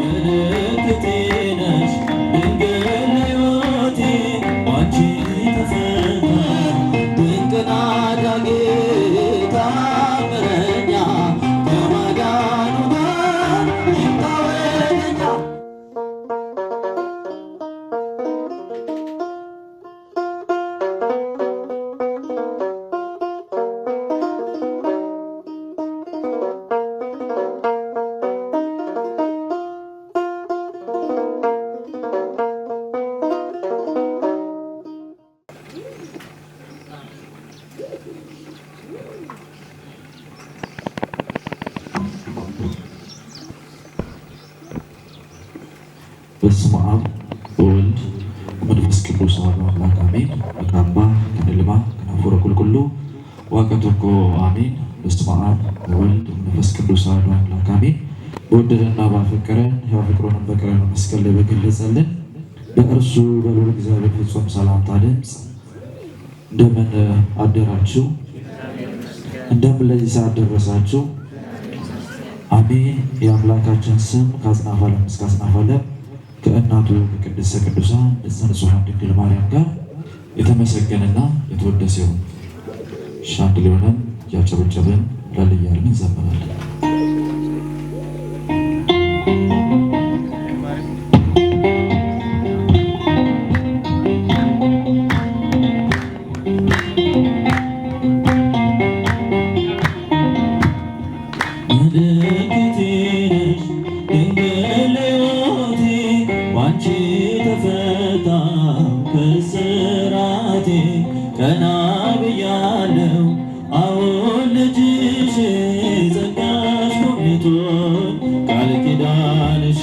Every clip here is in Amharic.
ምልክቴ አድርጎ አሜን። በስመ አብ ወወልድ መንፈስ ቅዱስ አሐዱ አምላክ አሜን። በወደደና ባፈቀረን ሕያው ፍቅሩንም በቀራንዮ መስቀል ላይ በገለጸልን በእርሱ በልዑል እግዚአብሔር ፍጹም ሰላምታ ድምፅ እንደምን አደራችሁ? እንደምን ለዚህ ሰዓት ደረሳችሁ? አሜን። የአምላካችን ስም ከአጽናፈ ዓለም እስከ አጽናፈ ዓለም ከእናቱ ከቅድስተ ቅዱሳን ንጽሕት ድንግል ማርያም ጋር የተመሰገነና የተወደሰ ይሁን። ሻንግሊዮንን ያጨበጨብን ለልያልን እንዘምራለን። ቃል ኪዳንሽ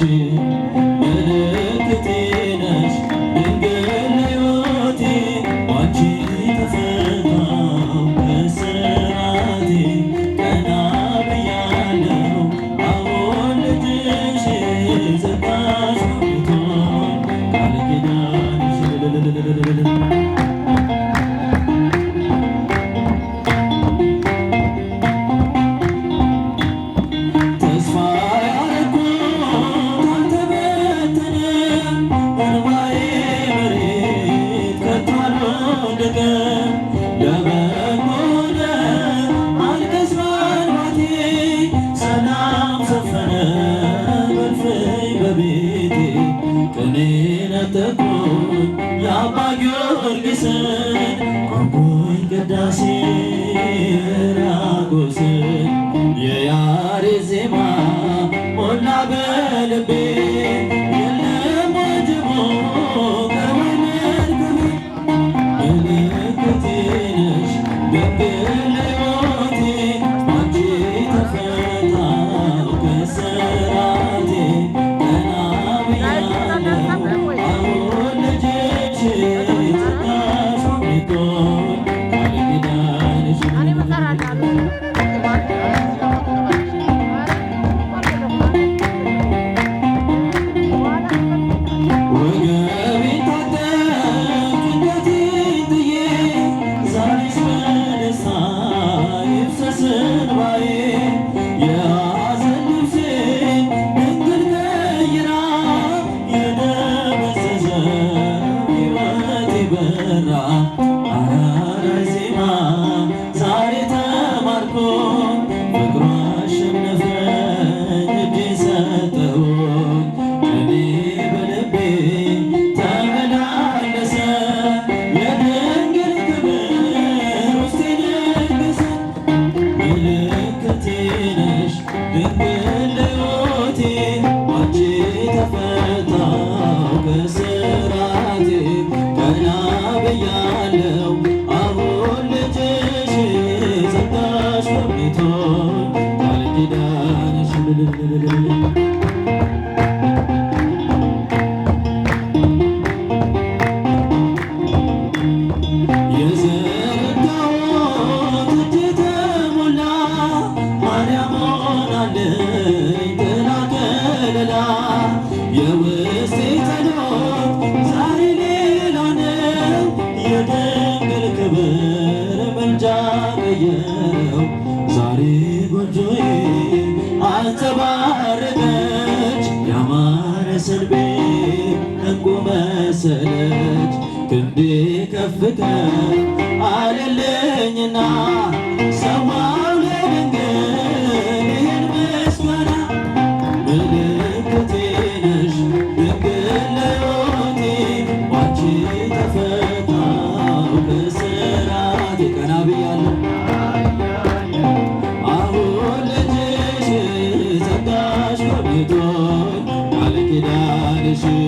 ኃጢአቴ አንቺ ተፈታ አቅጣጫ ቀየረው ዛሬ ጎጆዬ አንጸባረቀች ያማረ ሰልቤ እንቁ መሰለች ክንዴ ከፍ ከፍ አለልኝና ሰማ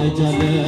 Vay canım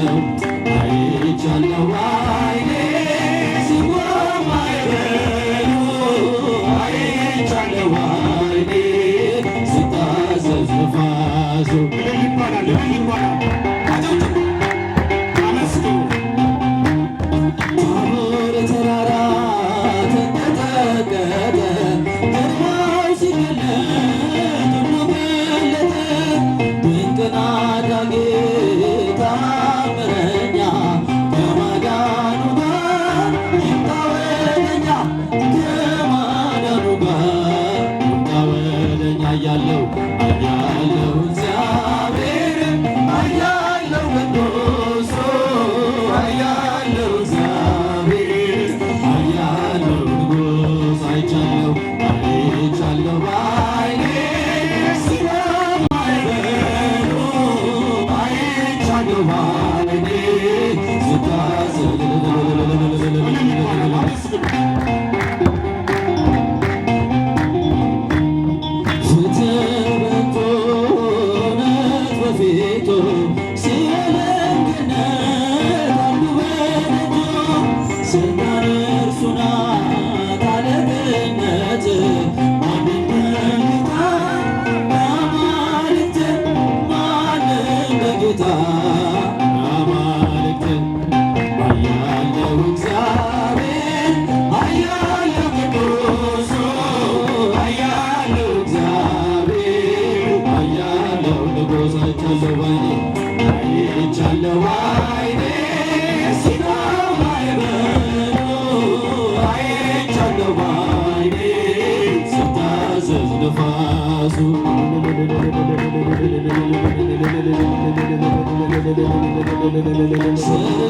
Sing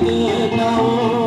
it